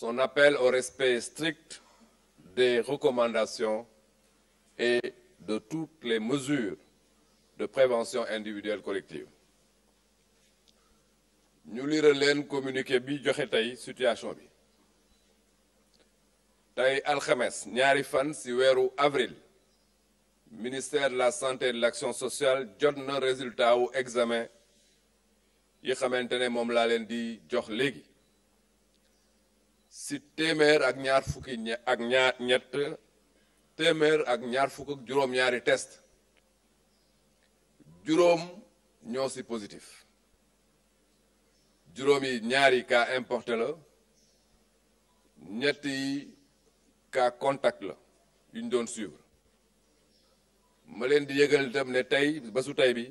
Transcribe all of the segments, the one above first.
son appel au respect strict des recommandations et de toutes les mesures de prévention individuelle collective ñu lire leen communiqué bi joxe tey situation bi tey alxames ñaari fan ci weeru avril ministère de la santé de l'action sociale jot na résultat wu examen yi xamante ne moom laa leen di jox léegi si téeméer ak ñaar fukki ak ñaar ñett téeméer ak ñaar fukk juróom-ñaari test juróom ñoo si positif juróom yi ñaari cas importé la ñett yi cas contact la yu ñu doon suivre ma leen di yëgal itam ne tey ba su tey bi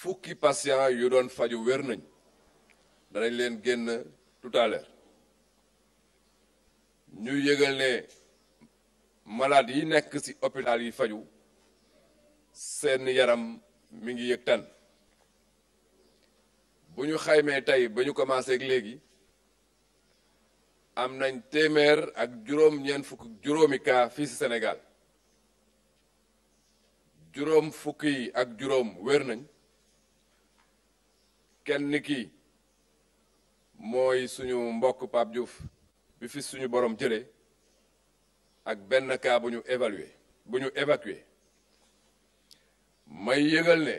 fukki patient yu doon faju wér nañ danañ leen génn tout ñu yëgal ne malade yi nekk ci hôpital yi faju seen yaram mi ngi yëg tan bu ñu xaymee tey ba ñu commencé léegi am nañ téeméer ak juróom ñeent fukk juróomi cas fii ci senegal juróom fukk yi ak juróom wér nañ kenn ki mooy suñu mbokk Pape Diouf bi fi suñu borom jële ak benn cas bu ñu évaluer bu ñu évacuer may yëgal ne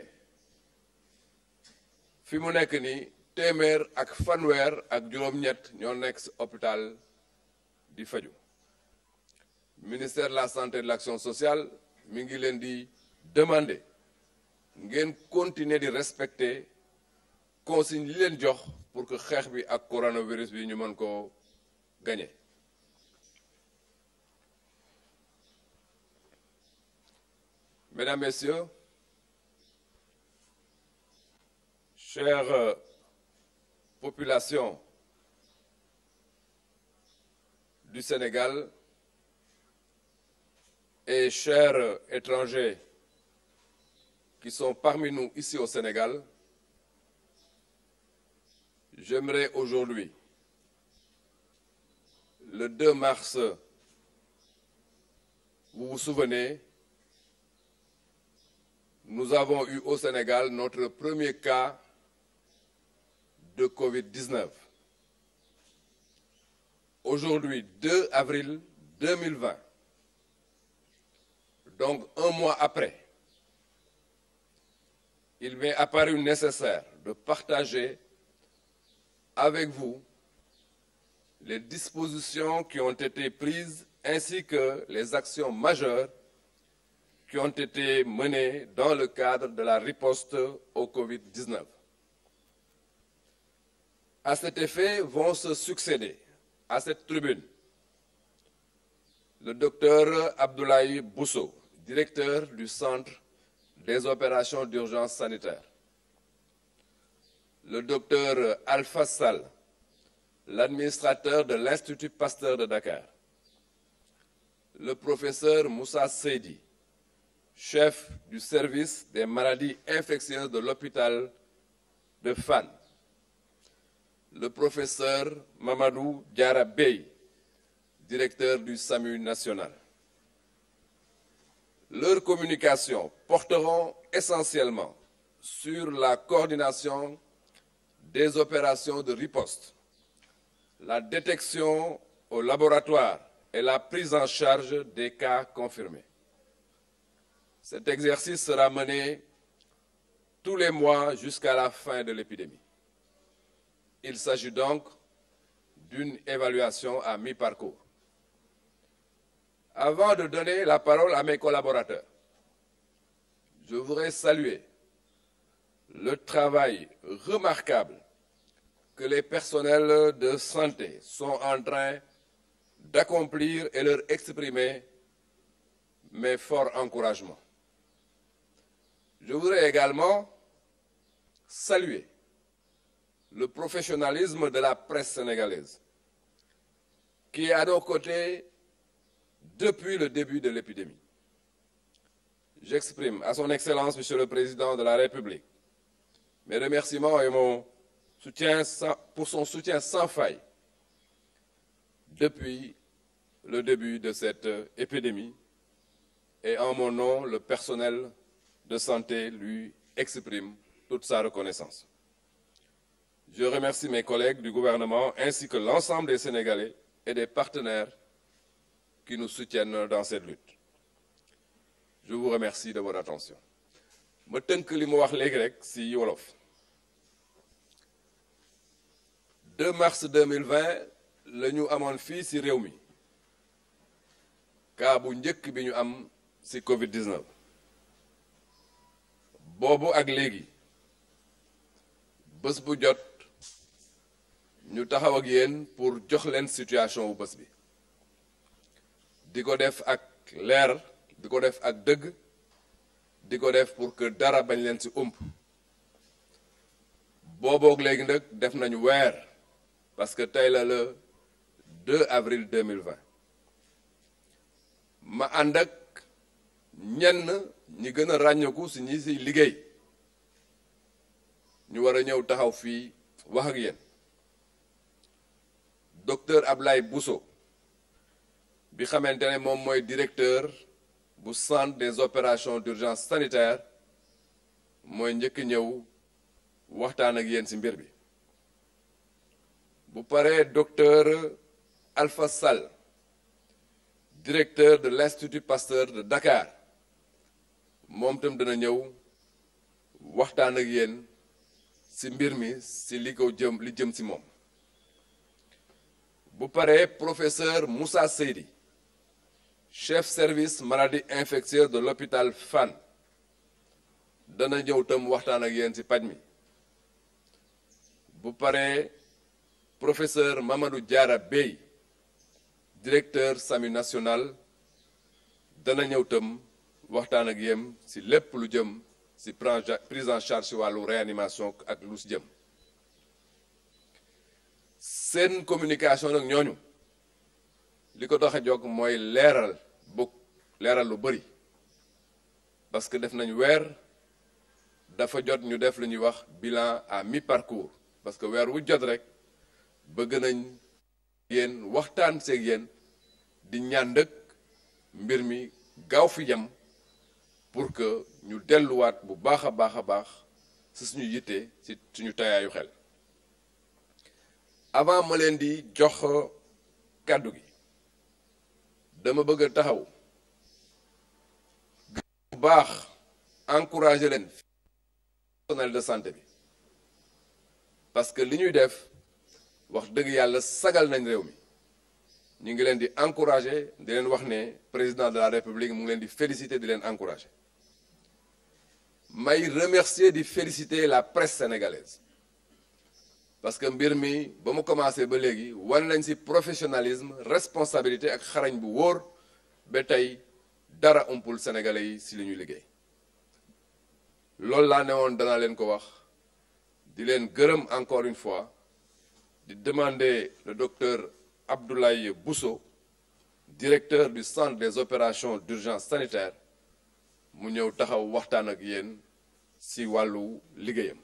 fi mu nekk nii téeméer ak fanweer ak juróom-ñett ñoo nekk si hôpital di faju ministère de la santé et de l'action sociale mi ngi leen di demandé ngeen continuer di respecter consigne li leen jox pour que xeex bi ak coronavirus bi ñu mën ko gagné Mesdames, Messieurs, chère euh, population du Sénégal et chers euh, étrangers qui sont parmi nous ici au Sénégal, j'aimerais aujourd'hui le 2 mars, vous vous souvenez, nous avons eu au Sénégal notre premier cas de Covid-19. Aujourd'hui, 2 avril 2020, donc un mois après, il m'est apparu nécessaire de partager avec vous les dispositions qui ont été prises les actions majeures qui ont été menées de la riposte au Covid-19. À cet effet vont se à cette tribune le docteur Abdoulaye Bousso, directeur du Centre des opérations d'urgence sanitaire, le docteur Alpha l'administrateur de l'Institut Pasteur de Dakar, le professeur Moussa Seydi, chef du service des maladies infectieuses de l'hôpital de Fan, le professeur Mamadou Diarra Bey, directeur du SAMU national. Leurs communication porteront essentiellement sur la coordination des opérations de riposte la détection au laboratoire et la prise en charge des cas confirmés. Cet exercice sera mené tous les mois jusqu'à la fin de l'épidémie. Il s'agit donc d'une évaluation à mi-parcours. Avant de donner la parole à mes collaborateurs, je voudrais saluer le travail remarquable que les personnels de santé sont en train d'accomplir et leur exprimer mes forts encouragements. Je voudrais également saluer le professionnalisme de la presse sénégalaise, qui est à nos côtés depuis le début de l'épidémie. J'exprime à son Excellence, Monsieur le Président de la République, mes remerciements et mon soutien pour son soutien sans faille depuis le début de cette euh, épidémie et en mon nom, le personnel de santé lui exprime toute sa reconnaissance. Je remercie mes collègues du gouvernement ainsi que l'ensemble des Sénégalais et des partenaires qui nous soutiennent dans cette lutte. Je vous remercie de votre attention. ma tënk li mu wax léegi rek si wolof 2 mars 2020 la ñu amoon fii ci réew mi kaabu njëkk bi ñu am ci Covid 19 boobu ak léegi bés bu jot ñu taxaw ak yéen pour jox leen situation wu bés bi di ko def ak leer di ko def ak dëgg di ko def pour que dara bañ leen ci ump boobook léegi nag def nañu weer. parce que tey la le 2 avril 2020 ma ànd ak ñenn ñi gën a ràññeeku si ñi si liggéey ñu war a ñëw taxaw fii wax ak yéen docteur Ablaye buso bi xamante ne moom mooy directeur bu centre des opérations d'urgence sanitaire mooy njëkk ñëw waxtaan ak yéen si mbir bi bu paree docteur Alpha Sall directeur de l'Institut Pasteur de Dakar moom itam dana ñëw waxtaan ak yéen ci mbir mi ci li ko jëm li jëm ci moom bu pare professeur Moussa Seydi chef service maladie infectieuse de l'hôpital fan dana ñëw tam waxtaan ak yéen ci paj mi bu paree professeur Mamadou Diarra Bey directeur sami national dana ñëw tam waxtaan ak yéen ci lépp lu jëm ci prise en charge ci wàllu réanimation ak lu si jëm seen communication nag ñooñu li ko doxe jog mooy leeral bu leeral lu bari parce que def nañu weer dafa jot ñu def lu ñuy wax bilan à mi-parcours parce que weer wu jot rek bëgg nañ yéen waxtaan seek yéen di ñaan dëkk mbir mi gaaw fi yem pour que ñu delluwaat bu baax a baax a baax si suñu yitte si suñu tayaayu xel avant ma leen di jox kàddu gi dama bëgg a taxaw bu baax encourager leen personnel de santé bi parce que li ñuy def wax dëgg yàlla sagal nañ réew mi ñu ngi leen di encouragé di leen wax ne président de la république mu ngi leen di félicité di leen encouragé may remercier di féliciter la presse sénégalaise parce que mbir mi ba mu commencé ba léegi wane nañ ci professionnalisme responsabilité ak xarañ bu wóor ba tey dara umpul sénégalais yi ci li ñuy liggéey loolu laa ne woon danaa leen ko wax di leen gërëm encore une fois di demander le docteur Abdoulaye Bousso, directeur du centre des opérations d'urgence sanitaire, mu ñëw taxaw waxtaan ak yéen ci wàllu liggéeyam.